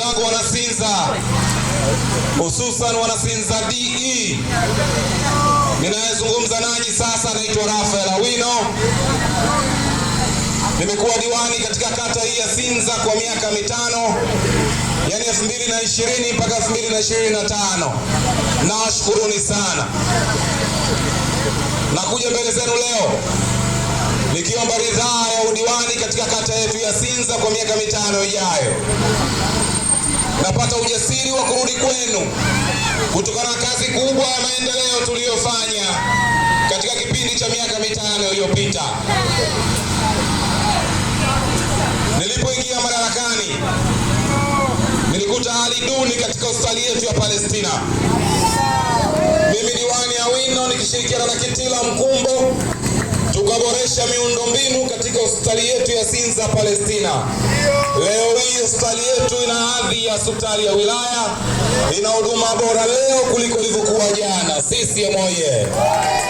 zangu wanasinza, hususan wanasinza DE. Ninayezungumza nanyi sasa naitwa Rafael Awino. Nimekuwa diwani katika kata hii ya Sinza kwa miaka mitano, yani ishirini mpaka tano. Nawashukuruni sana. Nakuja mbele zenu leo nikiomba ridhaa ya udiwani katika kata yetu ya Sinza kwa miaka mitano ijayo napata ujasiri wa kurudi kwenu kutokana na kazi kubwa ya maendeleo tuliyofanya katika kipindi cha miaka mitano iliyopita. Nilipoingia madarakani, nilikuta hali duni katika hospitali yetu ya Palestina. Mimi diwani Awino nikishirikiana na Kitila Mkumbo muhimu katika hospitali yetu ya Sinza Palestina. Leo hii hospitali yetu ina hadhi ya hospitali ya wilaya, ina huduma bora leo kuliko ilivyokuwa jana. CCM oyee!